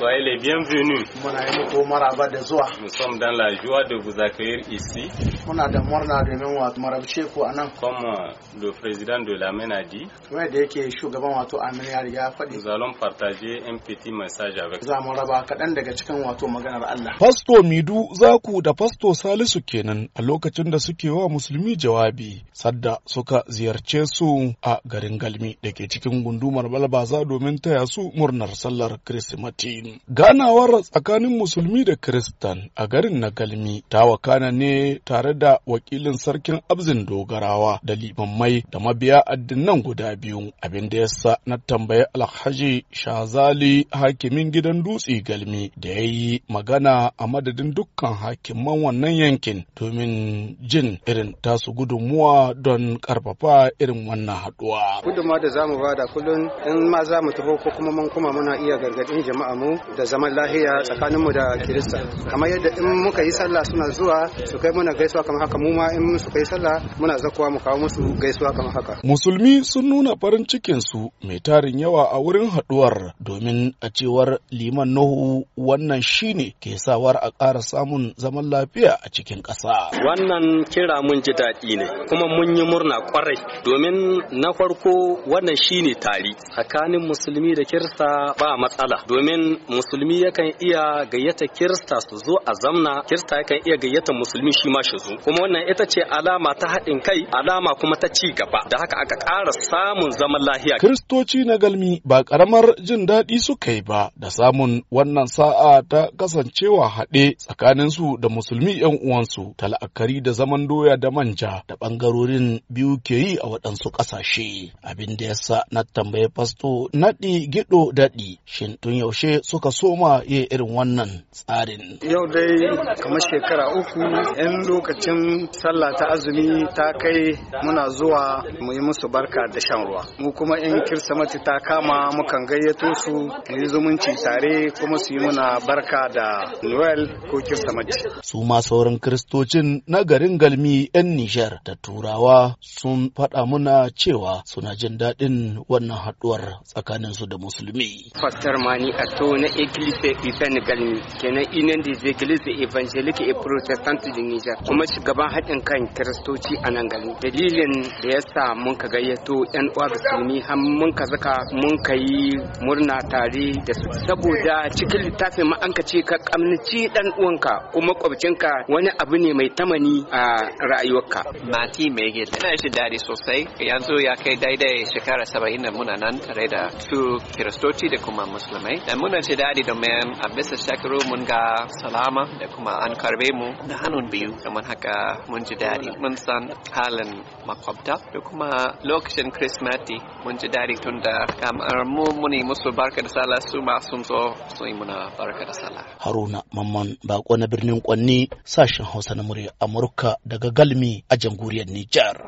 Soyez les bienvenus. Muna yi muku maraba da zuwa. Nous sommes dans la joie de vous accueillir ici. Muna da murna domin wato marabce ku a nan. Comme euh, le président de l'AMEN a dit. Kuma da yake shugaban wato AMEN ya riga faɗi. Nous allons partager un petit message avec. Za mu kaɗan daga cikin wato maganar Allah. Pasto Midu Zaku da Pasto Salisu kenan a lokacin da suke wa musulmi jawabi sadda suka ziyarce su a garin Galmi da ke cikin gundumar Balbaza domin taya su murnar sallar Kirsimeti. Ganawar tsakanin musulmi da kiristan a garin na Galmi ta wakana ne tare da wakilin sarkin abzin dogarawa da limammai da mabiya addinan guda biyu abin da yasa na tambayi alhaji shazali hakimin gidan dutse Galmi da ya yi magana a madadin dukkan hakiman wannan yankin domin jin irin tasu gudunmuwa don karfafa irin wannan haduwa. Gudunmuwa da za zamu bada kullum in ma za mu tafi ko kuma mun kuma muna iya gargadin jama'a mu da zaman lahiya tsakaninmu da kirista kamar yadda in muka yi sallah suna zuwa su kai muna gaisuwa kamar haka mu ma in su kai sallah muna zakuwa mu kawo musu gaisuwa kamar haka musulmi sun nuna farin cikin su mai tarin yawa a wurin haduwar domin a cewar liman nuhu wannan shine ke sawar a ƙara samun zaman lafiya a cikin ƙasa wannan kira mun ji daɗi ne kuma mun yi murna kwarai domin na farko wannan shine tari tsakanin musulmi da kirista ba matsala domin musulmi yakan iya gayyata kirista su zo a zamna kirista yakan iya gayyata musulmi shi ma shi zo kuma wannan ita ce alama ta haɗin kai alama kuma ta ci gaba da haka aka ƙara samun zaman lahiya kiristoci na galmi ba karamar jin daɗi suka yi ba da samun wannan sa'a ta kasancewa haɗe tsakanin su da musulmi yan uwansu ta la'akari da zaman doya da manja da bangarorin biyu ke yi a waɗansu ƙasashe abin da yasa na tambaye fasto naɗi gido daɗi shin tun yaushe suka soma iya irin wannan tsarin. Yau dai kamar shekara uku yan lokacin sallah ta azumi ta kai muna zuwa mu yi musu barka da shan ruwa. Mu kuma in kirsimati ta kama mukan gayyato su mu yi zumunci tare kuma su yi muna barka da Noel ko kirsimati. Su ma sauran kiristocin na garin Galmi 'yan Nijar da Turawa sun faɗa muna cewa suna jin daɗin wannan haɗuwar tsakaninsu da musulmi. Pastor Mani a na Eglise galmi kenan Union des Églises Evangéliques e protestant di nija kuma shugaban haɗin kan Kiristoci a nan galmi Dalilin da ya sa mun ka gayyato 'yan uwa musulmi har mun ka zaka mun ka yi murna tare da su saboda cikin littafin ma an ka ce ka kamnici dan uwanka kuma kwabcinka wani abu ne mai tamani a rayuwarka. Mati gida ina shi daɗi sosai yanzu ya kai daidai shekara saba'in da muna nan tare da su Kiristoci da kuma Musulmai. muna dadi da mayan a bisa shekaru mun ga salama da kuma an karbe mu da hannun biyu kamar haka mun ji daɗi mun san halin makwabta da kuma lokacin Kirsimeti mun ji dadi tun da kamar mu muni musu barka da sallah su ma sun zo su yi muna barka da sallah. Haruna Mamman Bako na birnin Kwanni sashen Hausa na murya Amurka daga Galmi a jamhuriyar Nijar.